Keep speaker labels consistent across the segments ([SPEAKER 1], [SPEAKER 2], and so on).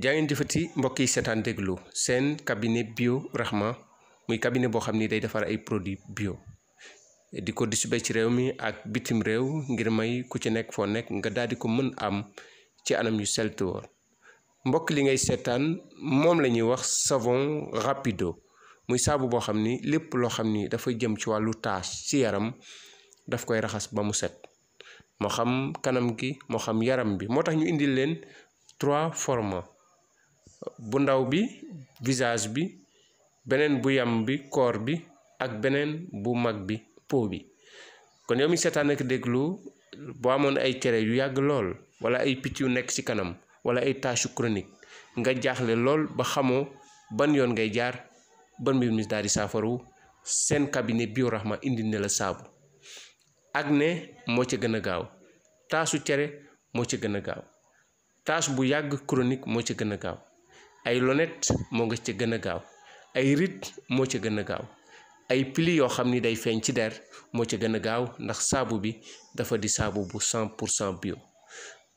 [SPEAKER 1] jaa ngeen jëfati mbokk yi seetaan déglu seen cabinet bio Rahma muy cabinet boo xam ni day defar ay produits bio di ko distribuer ci réew mi ak bitim réew ngir may ku ci nekk foo nekk nga daal di ko mën am ci anam yu selto te mbokk li ngay seetaan moom la ñuy wax savon rapido muy saabu boo xam ni lépp loo xam ni dafay jëm ci wàllu tache ci yaram daf koy raxas ba mu set moo xam kanam gi moo xam yaram bi moo tax ñu indil leen trois formats. bu ndaw bi visage bi beneen bu yam bi corps bi ak beneen bu mag bi peau bi kon yow mi seetaan ak déglu boo amoon ay cere yu yàgg lool wala ay picc yu nekk ci kanam wala ay taasu chronique nga jaaxle lool ba xamoo ban yoon ngay jaar ban mbir mi daal di saafaru seen cabinet biorahma indi ne la saabu ak ne moo ci gën gaaw taasu cere moo ci gën a gaaw taas bu yàgg chronique moo ci gën a gaaw ay lonet moo nga ci gën a gaaw ay rit moo ci gën a gaaw ay pli yoo xam ni day feeñ ci der moo ci gën a gaaw ndax saabu bi dafa di saabu bu 100 pour cent bio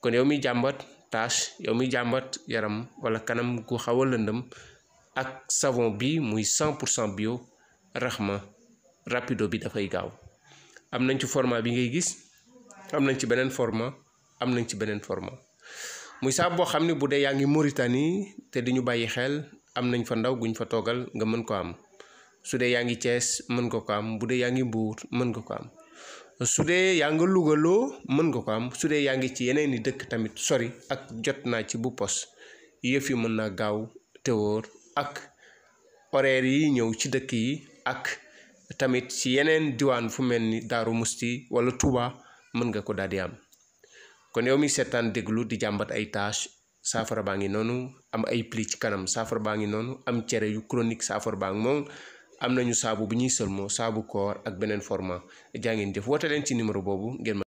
[SPEAKER 1] kon yow miy jàmbat tache yow miy jàmbat yaram wala kanam gu xaw a lëndëm ak savon bi muy cent pour cent bio Rahma rapido bi dafay gaaw am nañ ci format bi ngay gis am nañ ci beneen format am nañ ci beneen format muy saab boo xam ne bu dee yaa ngi Mauritanie te di ñu bàyyi xel am nañ fa ndaw guñ fa toogal nga mën ko am su dee yaa ngi Thiès mën nga ko am bu dee yaa ngi Mbour mën nga ko am su dee yaa nga lugaloo mën nga ko am su dee yaa ngi ci yeneen i dëkk tamit sori ak jot naa ci bu pos yëf yi mën naa gaaw te wóor ak horaire yi ñëw ci dëkk yi ak tamit ci yeneen diwaan fu mel ni Daaru Musti wala Touba mën nga ko daal di am kon yow mi seetaan déglu di jàmbat ay tâche saafara baa ngi noonu am ay pli ci kanam saafara baa ngi noonu am cere yu chronique saafara baa ngi moom am nañu saabu bu ñuy sëlmoo saabu koor ak beneen format jaa ngeen jëf woote leen ci numéro boobu ngeen